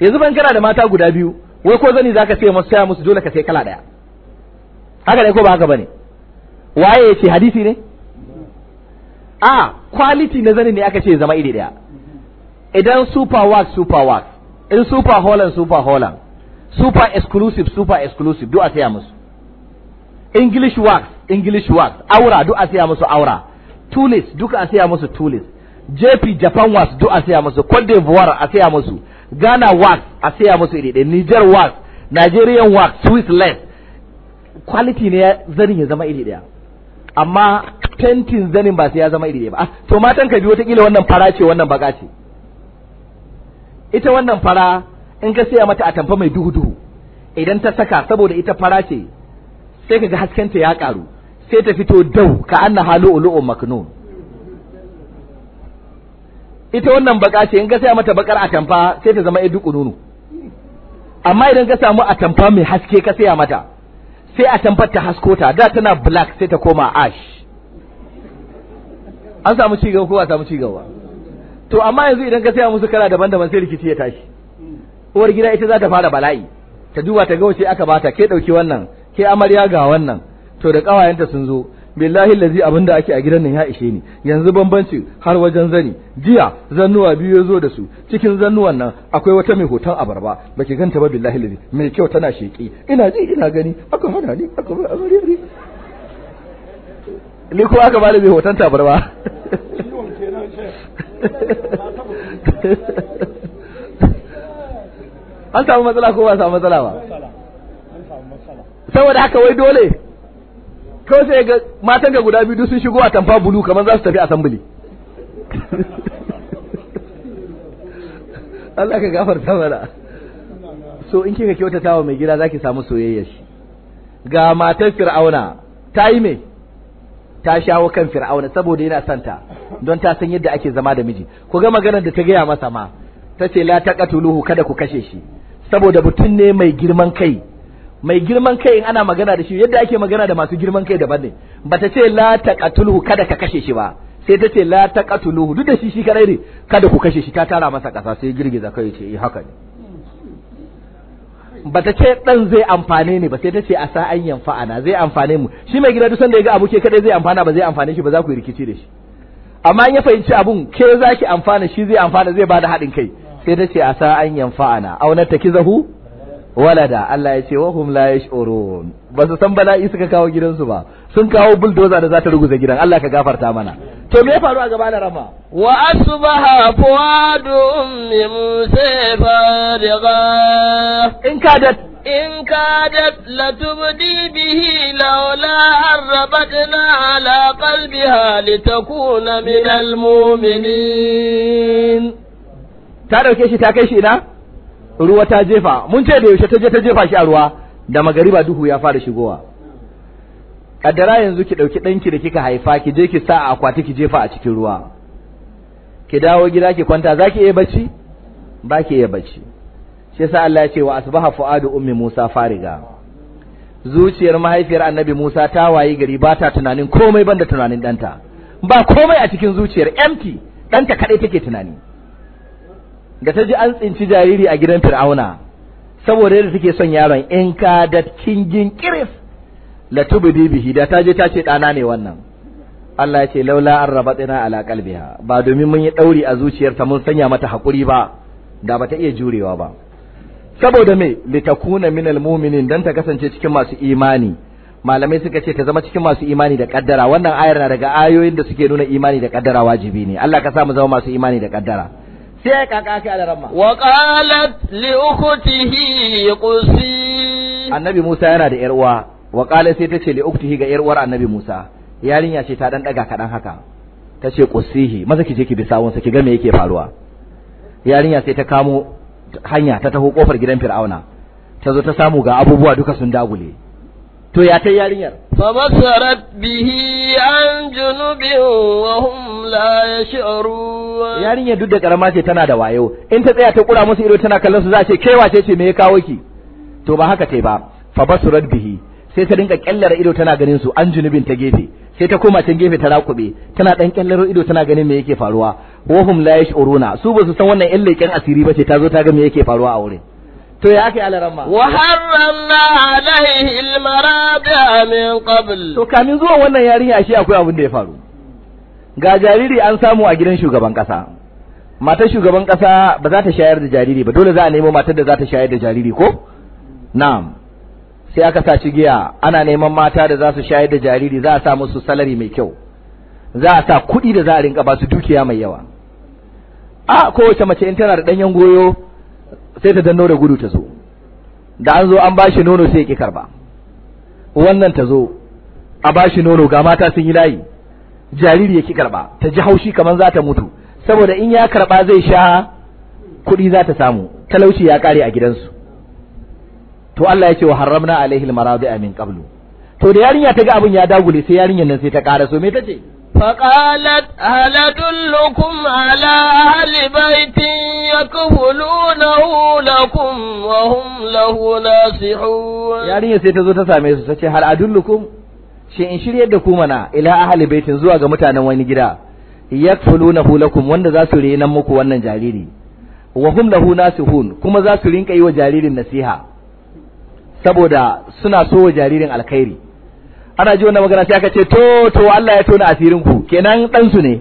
yanzu ban kana da mata guda biyu wai ko zani zaka sai musu saya musu dole ka sai kala daya haka dai ko ba haka bane waye yace hadisi ne a quality na zani ne aka ce zama iri daya idan super work super work in super holland super holland super exclusive super exclusive duk a saya musu English wax English wax aura duk a siya musu aura Tunis duka a siya musu Tunis, JP Japan wax duk a siya musu Cote d'Ivoire a siya musu Ghana wax a siya musu iri ɗaya Niger wax Nigerian wax Swiss less quality ne zanin ya zama iri ɗaya amma tentin zanin ba sai ya zama iri ɗaya ba ah, to matan ka biyo kila wannan fara ce wannan baka ce ita wannan fara in ka siya mata tamfa mai duhu duhu idan ta saka saboda ita fara ce sai kaga haskenta ya karu sai ta fito dau ka anna halu'lu'u maknun ita wannan baka ce in ka saya mata bakar atamfa sai ta zama idu kununu amma idan ka samu atamfa mai haske ka saya mata sai atamfar ta haskota da tana black sai ta koma ash an samu cigaba ko ba samu cigaba to amma yanzu idan ka saya musu kala daban-daban sai rikici ya tashi uwar gida ita za ta fara bala'i ta duba ta ga wace aka bata ke dauki wannan ke amarya ga wannan to da kawayenta sun zo billahi lazi abinda ake a gidan nan ya ishe ni yanzu bambanci har wajen zani jiya zannuwa biyu ya zo da su cikin zannuwan nan akwai wata mai hoton abarba baki ganta ba billahi lazi mai kyau tana sheki ina ji ina gani aka hana ni aka ba amarya ni ko aka bani mai hoton tabarba <laughs> an samu matsala ko ba samu matsala ba saboda haka wai dole kawai sai ga matan ga guda biyu sun shigo a tamfa bulu kamar za su tafi asambili <laughs> Allah ka gafarta mana so in kika kyautata wa mai gida zaki samu soyayya shi ga matar fir'auna ta yi me ta shawo kan fir'auna saboda yana santa don ta san yadda ake zama da miji ku ga maganar da ta gaya masa ma ta ce la taqatuluhu kada ku kashe shi saboda mutum ne mai girman kai mai girman kai in ana magana da shi yadda ake magana da masu girman kai daban ne bata ce la taqatuluhu kada ka kashe shi ba sai ta ce la taqatuluhu duk da shi shi kadai ne kada ku kashe shi ta tara masa kasa sai girgiza kai ce eh haka ne bata ce dan zai amfane ne ba sai ta ce sa an yanfa ana zai amfane mu shi mai gida duk sanda ya ga abuke kada zai amfana ba zai amfane shi ba za ku rikici da shi amma in ya fahimci abun ke zaki amfana shi zai amfana zai bada haɗin kai sai ta ce sa an yanfa ana auna kizahu walada Allah ya ce wa hum la yash'urun ba su san bala'i suka kawo gidansu ba sun kawo buldoza da za ta ruguza gidan Allah ka gafarta mana to me ya faru a gaba da rama wa asbaha fuadu ummi musa in kadat in kadat tubdi bihi laula harbatna ala qalbiha litakuna min almu'minin ta dauke shi ta kai shi ina ruwa ta jefa mun ce da yaushe ta je ta jefa shi a ruwa da magariba duhu ya fara shigowa kaddara yanzu ki dauki danki da kika haifa ki je ki sa a akwati ki jefa a cikin ruwa ki dawo gida ki kwanta zaki iya bacci ba ki iya bacci shi yasa Allah ya ce wa asbaha fuadu ummi Musa fariga zuciyar mahaifiyar Annabi Musa ta wayi gari ba ta tunanin komai banda tunanin danta ba komai a cikin zuciyar empty danta kadai take tunani da ta ji an tsinci jariri a gidan fir'auna saboda yadda take son yaron in ka da kingin kiris la tubdi bihi da ta je ta ce dana ne wannan Allah ya ce laula an rabatina ala qalbiha ba domin mun yi dauri a zuciyarta mun sanya mata hakuri ba da bata iya jurewa ba saboda me litakuna minal mu'minin dan ta kasance cikin masu imani malamai suka ce ta zama cikin masu imani da kaddara wannan ayar na daga ayoyin da suke nuna imani da kaddara wajibi ne Allah ka sa mu zama masu imani da kaddara sai kaka sai ramma wa qalat li ukhtihi qusi annabi Musa yana da yar uwa wa qala sai tace li ukhtihi ga yar uwar annabi Musa yarinya ce ta dan daga kadan haka tace qusihi maza ki je ki bi sawon sa ki ga me yake faruwa yarinya sai ta kamo hanya ta taho kofar gidan Fir'auna tazo ta samu ga abubuwa duka sun dagule to ya ta yarinyar fabasarat bihi an junubin wa hum la yash'urun yarinyar duk da karama ce tana da wayo in ta tsaya ta kura musu ido tana kallon su za ce kai wace ce me ya kawo ki to ba haka tai ba fabasarat bihi sai ta dinga kyallara ido tana ganin su an junubin ta gefe sai ta koma can gefe ta rakube tana dan kyallaro ido tana ganin me yake faruwa wa hum la yash'uruna su ba su san wannan yan leken asiri ba ce ta zo ta ga me yake faruwa a wurin to ya kai ma. wa harramna alaihi almarabi'a min qabl to kamin zuwa wannan yarinya ashe akwai abin da ya faru ga jariri an samu a gidan shugaban kasa matar shugaban kasa ba za ta shayar da jariri ba dole za a nemo matar da za ta shayar da jariri ko na'am sai aka saci giya ana neman mata da za su shayar da jariri za a sa musu salari mai kyau za a sa kuɗi da za a rinka ba su dukiya mai yawa a kowace mace in tana da ɗanyen goyo sai ta danno da gudu ta zo da an zo an bashi nono sai ya ki karba wannan ta zo a bashi nono ga mata sun yi layi jariri ya ki karba ta ji haushi kamar za ta mutu saboda in ya karba zai sha kuɗi za ta samu talauci ya kare a gidansu to Allah ya ce wa harramna alaihi al-maradi min qablu to da yarinya ta ga abin ya dagule sai yarinyar nan sai ta ƙara so me ta ce فقالت هل أدلكم على أهل بيت ta لكم وهم له ناصحون يعني سيتزو adullukum shi in shirye da ku mana ila ahli baitin zuwa ga mutanen wani gida yakfulunahu lakum wanda za su rena muku wannan jariri wa hum lahu nasihun kuma za su rinka yi wa jaririn nasiha saboda suna so wa jaririn alkhairi ana ji wannan magana sai aka ce to to Allah ya tona asirin ku kenan dan su ne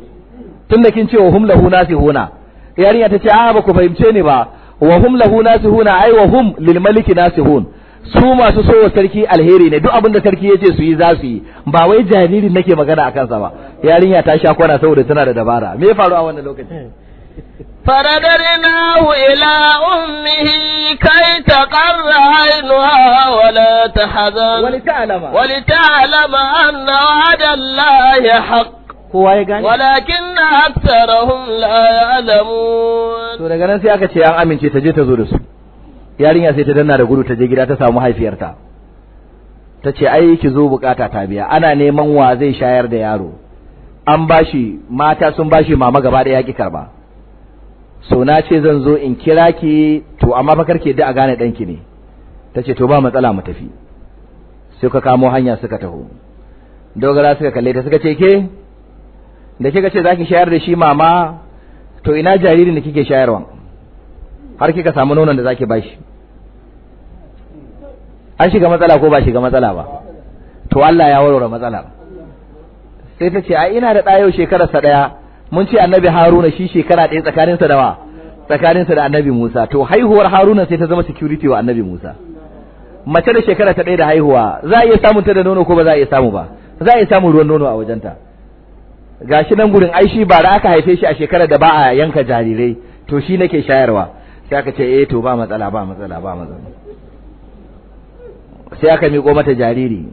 da kin ce wa hum lahu nasihuna yarinya ta ce a ba ku fahimce ni ba wa hum lahu nasihuna ai wa hum lil maliki nasihun su masu so sarki alheri ne duk abin da sarki yace su yi za su yi ba wai jaririn nake magana akan sa ba yarinya ta sha kwana saboda tana da dabara me ya faru a wannan lokaci <laughs> فرددناه إلى أمه كي تقر عينها ولا تحزن ولتعلم ولتعلم أن وعد الله حق kowa ya gane walakin na aktarahum la ya'lamun to daga nan sai aka ce an amince ta je ta zo da su yarinya sai ta danna da gudu ta je gida ta samu haifiyarta ta ce ai zo bukata ta biya ana neman wa zai shayar da yaro an bashi mata sun bashi mama gaba da yaki karba so na ce zan zo in kira ki to amma fa karke da a gane danki ne tace to ba matsala mu tafi sai kamo hanya suka taho dogara suka kalle ta suka ce ke da kika ce zaki shayar da shi mama to ina jaririn da kike shayarwa har kika samu nonon da zaki bashi an shiga matsala ko ba shiga matsala ba to Allah ya warware matsala sai ta ce a ina da ɗayo shekararsa ɗaya mun ce annabi haruna shi shekara ɗaya tsakaninsa da wa tsakaninsa da annabi musa to haihuwar haruna sai ta zama security wa annabi musa mace da shekara ta ɗaya da haihuwa za a iya samun ta da nono ko ba za a iya samu ba za a iya samun ruwan nono a wajenta gashi nan gurin ai shi da aka haife shi a shekarar da ba a yanka jarirai to shi nake shayarwa sai aka ce eh to ba matsala ba matsala ba matsala sai aka miƙo mata jariri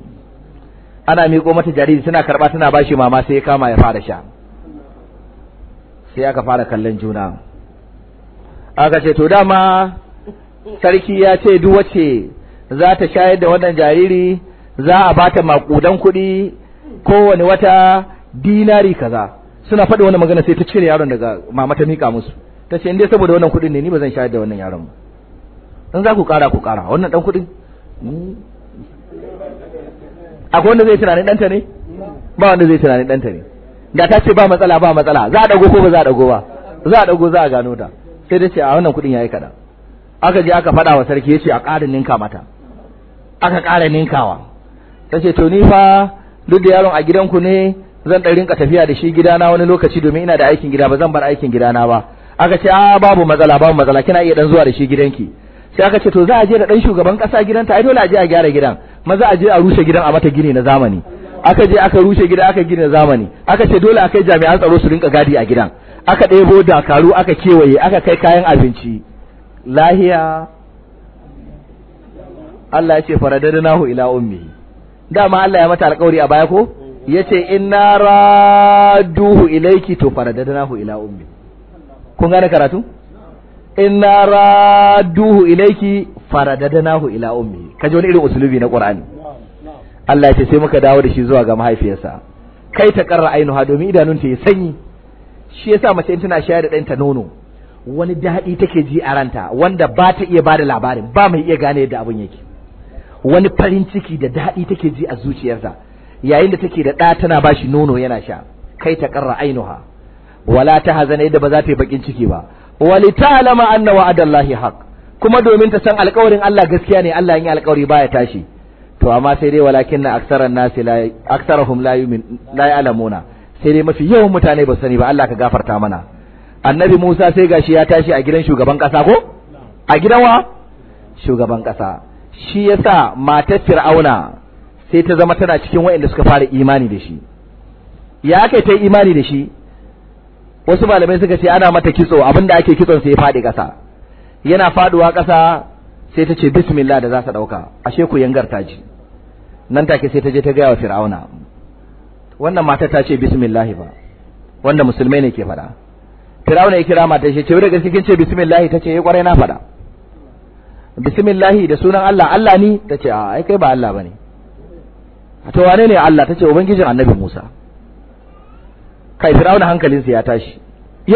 ana miƙo mata jariri suna karɓa suna bashi mama sai ya kama ya fara sha sai aka fara kallon juna aka ce to dama sarki ya ce duk wacce za ta shayar da wannan jariri za a bata makudan kuɗi kowane wata dinari kaza suna faɗi wannan magana sai ta cire yaron daga mama ta mika musu ta ce in saboda wannan kuɗin ne ni ba zan shayar da wannan yaron ba in za ku ƙara ku ƙara wannan ɗan kuɗin akwai wanda zai tunanin ɗanta ne ba wanda zai tunanin ɗanta ne ga ta ce ba matsala ba matsala za a dago ko ba za a dago ba za a dago za a gano ta sai ta ce a wannan kudin yayi kada aka je aka fada wa sarki yace a ƙarin ninka mata aka ƙara ninkawa ta ce to ni fa duk da yaron a gidanku ne zan ɗan rinka tafiya da shi gidana wani lokaci domin ina da aikin gida ba zan bar aikin gidana ba aka ce a babu matsala babu matsala kina iya dan zuwa da shi gidanki sai aka ce to za a je da dan shugaban kasa gidanta ai dole a je a gyara gidan maza a je a rushe gidan a mata gini na zamani aka je aka rushe gida aka gina zamani aka ce dole a kai jami'an tsaro su rinka gadi a gidan aka ɗebo dakaru aka kewaye aka kai kayan abinci lahiya Allah ya ce nahu ila ummi. dama Allah ya mata alƙawari a baya ko yace inna raduhu ilayki to nahu ila ummi kun gane karatu inna raduhu ilayki nahu ila ummi kaje wani irin usulubi na Qur'ani Allah ya ce sai muka dawo da shi zuwa ga mahaifiyarsa kai ta karra ainuha domin idanun ta yi sanyi shi yasa mace in tana shayar da ɗanta nono wani daɗi take ji a ranta wanda ba ta iya bada labarin ba mai iya gane yadda abin yake wani farin ciki da daɗi take ji a zuciyarta yayin da take da ɗa tana ba shi nono yana sha kai ta karra ainuha wala ta hazana yadda ba za ta yi bakin ciki ba wali ta alama anna wa'adallahi haq kuma domin ta san alƙawarin Allah gaskiya ne Allah yi alƙawari baya tashi to amma sai dai walakin na aksaran nasi aksarahum la yumin la sai dai mafi yawan mutane ba sani ba Allah ka gafarta mana annabi Musa sai gashi ya tashi a gidan shugaban kasa ko a gidan wa shugaban kasa shi yasa matar Fir'auna sai ta zama tana cikin waɗanda suka fara imani da shi ya kai ta imani da shi wasu malamai suka ce ana mata kitso abin da ake kitson sai ya faɗi kasa yana faɗuwa kasa sai ta ce bismillah da za su ɗauka ashe ku yangar ta ji nan take sai ta je ta gaya wa fir'auna wannan mata ta ce bismillah ba wanda musulmai ne ke faɗa fir'auna ya kira mata shi ce wuri gaske kin ce bismillah ta ce eh kwarai na faɗa bismillah da sunan Allah Allah ni ta ce ai kai ba Allah bane to wane ne Allah ta ce ubangijin annabi Musa kai fir'auna hankalinsa ya tashi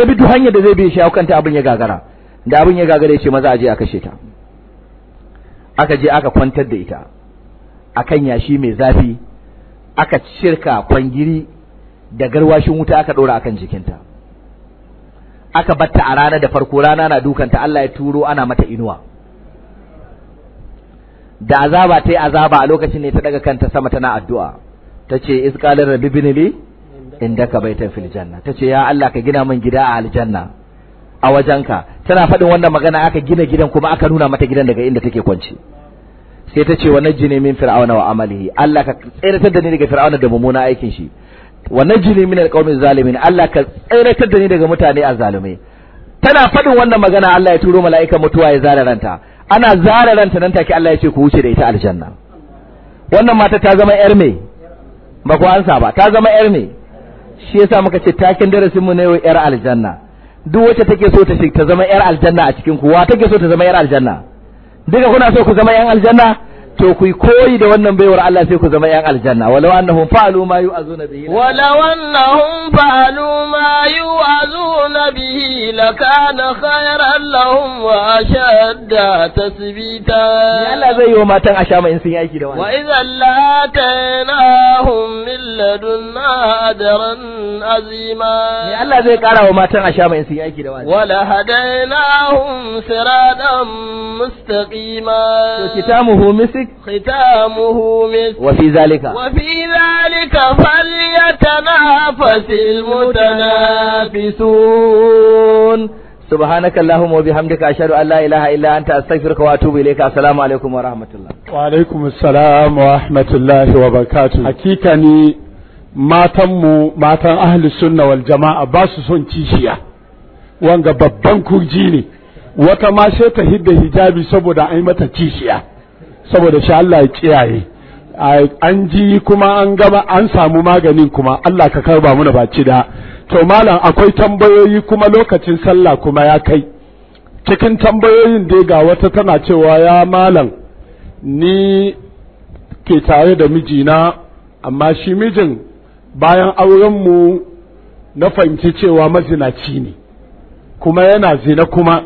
ya bi duk hanyar da zai bi shi kanta abin ya gagara da abin ya gagara ya ce maza a je a kashe ta aka je aka kwantar da ita akan yashi mai zafi aka shirka kwangiri da garwashin wuta aka ɗora akan jikinta aka batta a rana da farko rana na dukanta Allah ya turo ana mata inuwa da azaba ta yi azaba a lokacin ne ta daga kanta sama tana addu'a ta ce iskalin rabbi binili inda ka bai fil janna ta ce ya Allah ka gina min gida a aljanna a wajenka tana faɗin wannan magana aka gina gidan kuma aka nuna mata gidan daga inda take kwance sai ta ce wa ne min fir'auna wa amalihi Allah ka tsiratar da ni daga fir'auna da mummunan aikin shi wa ne min alqawmi zalimin Allah ka tsiratar da ni daga mutane zalume. tana faɗin wannan magana Allah ya turo mala'ika mutuwa ya zara ranta ana zara ranta nan take Allah ya ce ku wuce da ita aljanna wannan mata ta zama yar me ba ku ansa ba ta zama yar me shi yasa muka ce takin darasin mu ne yar aljanna duk wacce take so ta ta zama yar aljanna a cikin ku wa take so ta zama yar aljanna duka kuna so ku zama yan aljanna to ku koyi da wannan baiwar Allah sai ku zama ƴan aljanna walau annahum fa'alu ma yu'azuna bihi walau annahum fa'alu ma yu'azuna bihi lakana khayran lahum wa ashadda tasbita Allah zai yi matan asha mai in sun yi da wannan wa min ladunna azima Allah zai kara wa matan asha mai in sun yi da wannan wala hadainahum siratan mustaqima to kitamuhu misik ختامه مسك وفي ذلك وفي ذلك فليتنافس المتنافسون سبحانك اللهم وبحمدك أشهد أن لا إله إلا أنت أستغفرك وأتوب إليك السلام عليكم ورحمة الله وعليكم السلام ورحمة الله وبركاته حقيقة matanmu matan ahli sunna wal jama'a ba su son kishiya wanga babban kurji ne wata ma sai ta hidda hijabi saboda ai mata kishiya saboda shi Allah ya kiyaye an ji kuma an gama an samu maganin kuma Allah ka karba muna baci da to malam akwai tambayoyi kuma lokacin sallah kuma ya kai cikin tambayoyin dai ga wata tana cewa ya malam ni ke tare da mijina amma shi mijin bayan aurenmu na fahimci cewa mazinaci ne kuma yana zina kuma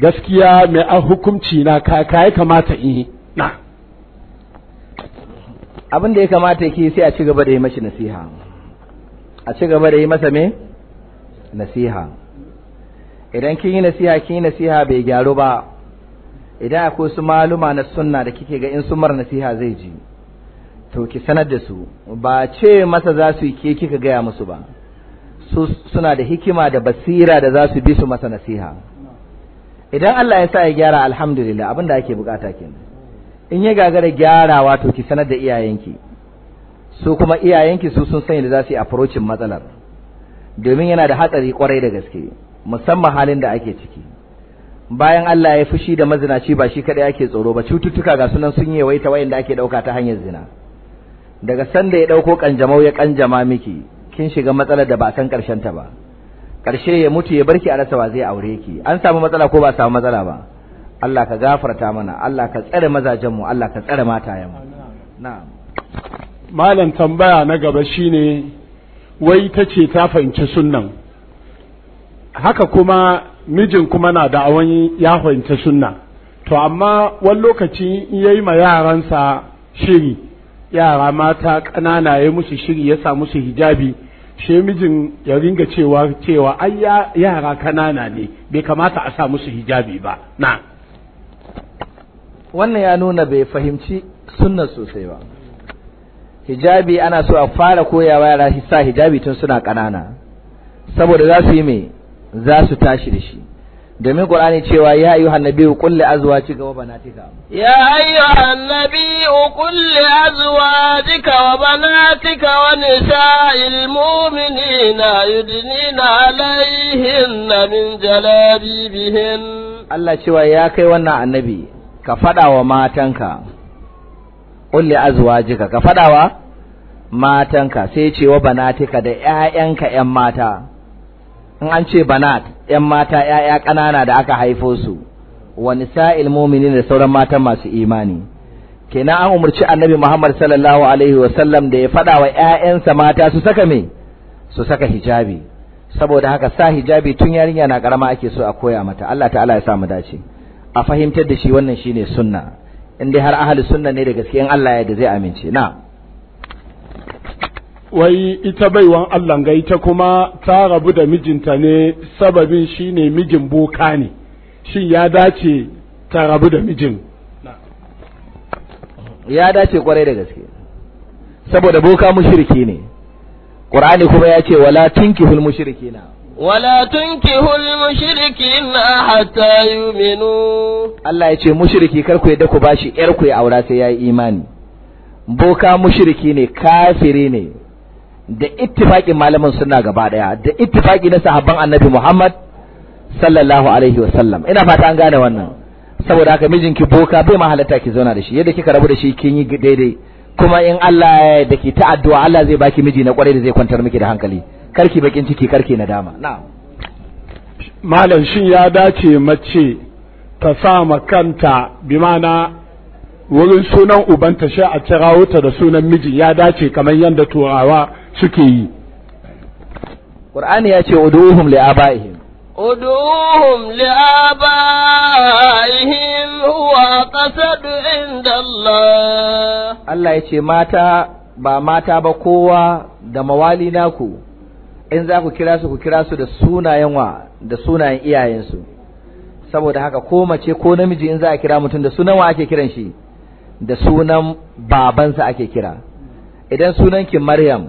gaskiya mai a hukunci na kaya ya kamata in yi abin da ya kamata yake sai a ci gaba da yi mashi nasiha a ci gaba da yi masa me nasiha idan kin yi nasiha kin yi nasiha bai gyaru ba idan akwai su maluma na sunna da kike ga in sumar mara nasiha zai ji to ki sanar da su ba ce masa za su yi ke kika gaya musu ba su suna da hikima da basira da za su bi su masa nasiha idan Allah ya sa ya gyara alhamdulillah abin da ake bukata kenan in ya gagara gyarawa to ki sanar da iyayenki su kuma iyayenki su sun sanya da za su yi approachin matsalar domin yana da hatsari kwarai da gaske musamman halin da ake ciki bayan Allah ya fushi da mazinaci ba shi kadai ake tsoro ba cututtuka ga sunan sun yi waita da ake dauka ta hanyar zina daga sanda ya dauko kanjamau ya kanjama miki kin shiga matsalar da ba san karshen ta ba karshe ya mutu ya barki a rasa wa zai aure ki an samu matsala ko ba samu matsala ba Allah ka gafarta mana Allah ka tsare mazajenmu Allah ka tsare matayenmu na'am malam tambaya na gaba shine wai ta ce ta fahimci sunnan haka kuma mijin kuma na da awon ya fahimci sunna to amma wani lokaci yayi ma yaransa shiri yara mata ƙanana ya musu shiri ya sa musu hijabi she mijin ya ringa cewa cewa ai yara kanana ne bai kamata a sa musu hijabi ba na wannan ya nuna bai fahimci sunnar sosai ba hijabi ana so a fara koyawa yara sa hijabi tun suna ƙanana saboda za su yi mai za su tashi da shi domin Qur'ani cewa ya ayyuhan nabiyyu qul azuwa, azwajika wa banatika ya ayyuhan bana qul wani sha. wa banatika na yudini na yudnina na min bihin. Allah cewa ya kai wannan annabi ka faɗa wa matanka ƙulli jika ka faɗa wa matanka sai ce wa banatika da ‘ya'yanka ‘yan mata in an ce banat ‘yan mata ‘ya'ya ƙanana da aka haifo su wani sa'il mominin da sauran matan masu imani kenan an umarci annabi Muhammad sallallahu alaihi wasallam da ya faɗa wa ‘ya'yansa mata su saka me su saka hijabi saboda haka sa hijabi tun yarinya na ƙarama ake so a koya mata Allah ta'ala ya sa mu dace a fahimtar da shi wannan shine sunna in dai har ahli sunna ne da gaske in Allah ya da zai amince na wai ita baiwan Allah ga ita kuma ta rabu da mijinta ne sababin shine mijin boka ne shi ya dace ta rabu da mijin ya dace kwarai da gaske saboda boka mushriki ne Qur'ani kuma ya ce wala tunkihul mushrikina ولا تنكحوا المشركين حتى يؤمنوا الله ce mushriki kar ku yadda ku bashi yar ku ya aura sai ya yi imani boka mushriki ne kafiri ne da ittifaqin malaman sunna gaba daya da ittifaqi na sahabban annabi Muhammad sallallahu alaihi wasallam ina fata an gane wannan saboda haka mijinki boka bai ma halatta ki zauna da shi yadda kika rabu da shi kin yi daidai kuma in Allah ya da ki ta addu'a Allah zai baki miji na kwarai da zai kwantar miki da hankali karki bakin ciki karki na dama malam shin ya dace mace ta sa kanta bi mana wurin sunan ubanta shi a kirawo ta da sunan miji ya dace kamar yadda turawa suke yi Qur'ani ya ce uduhum li abaihim uduhum li abaihim huwa qasad inda Allah Allah ya ce mata ba mata ba kowa da mawali naku in za ku kira su ku kira su da sunayen wa da sunayen iyayensu saboda haka ko mace ko namiji in za a kira mutum da sunan wa ake kiran shi da sunan babansa ake kira idan sunanki Maryam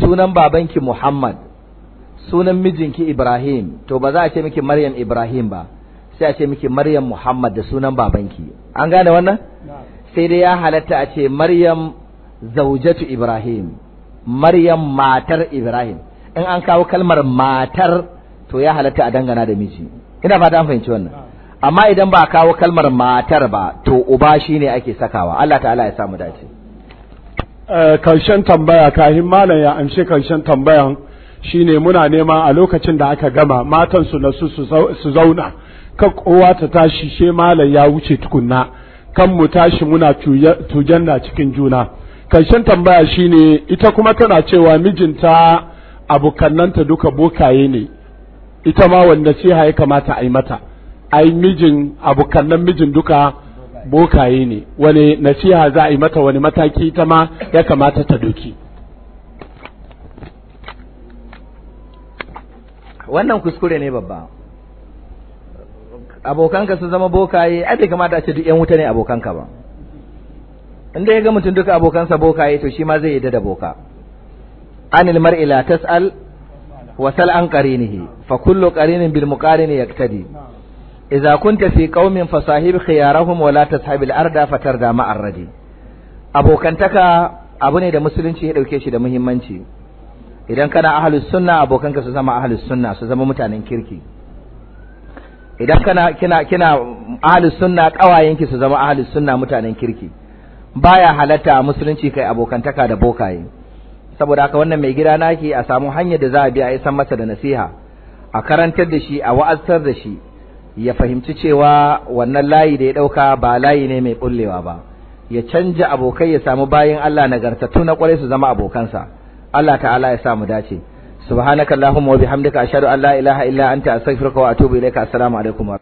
sunan babanki Muhammad sunan mijinki Ibrahim to ba za a ce miki Maryam Ibrahim ba sai a ce miki Maryam Muhammad da sunan babanki an gane wannan sai dai ya halatta a ce Maryam zaujatu Ibrahim Maryam matar Ibrahim in an kawo kalmar matar to ya halatta a dangana da miji ina fata an fahimci wannan amma idan ba a kawo kalmar matar ba to uba shine ake sakawa Allah ta'ala ya samu dace eh, karshen tambaya kahin malam ya amshe karshen tambayan shine muna nema a lokacin da aka gama matan su na su su zauna kan kowa ta tashi she malam ya wuce tukunna kan mu tashi muna tujanna cikin juna karshen tambaya shine ita kuma tana cewa mijinta abokannanta duka bokaye ne ita ma wanda ce ya kamata a yi mata ai mijin abokannan mijin duka bokaye ne wani nasiha za a yi mata wani mataki ita ma ya kamata ta doki wannan kuskure ne babba abokanka sun zama bokaye ai bai kamata a ce duk yan wuta ne abokanka ba inda ya ga mutum duka abokansa bokaye to shi ma zai yi da boka anil mar'i la tas'al wa sal an qarinihi fa kullu qarinin bil muqarini yaktadi idza kunta fi qaumin fasahib khiyarahum wa la tashab al arda fatarda ma arradi abokantaka abu ne da musulunci ya dauke shi da muhimmanci idan kana ahlus sunna abokanka su zama ahlus sunna su zama mutanen kirki idan kana kina kina ahlus sunna kawayenki su zama ahlus sunna mutanen kirki baya halatta musulunci kai abokantaka da bokaye saboda haka wannan mai gida naki a samu hanyar da za a bi a isan masa da nasiha a karantar da shi a wa'azar da shi ya fahimci cewa wannan layi da ya ɗauka ba layi ne mai bullewa ba ya canja abokai ya samu bayan Allah nagartattu na kwarai su zama abokansa Allah ta'ala ya samu dace subhanakallahumma wa bihamdika ashhadu an la ilaha illa anta astaghfiruka wa atubu ilaika assalamu alaikum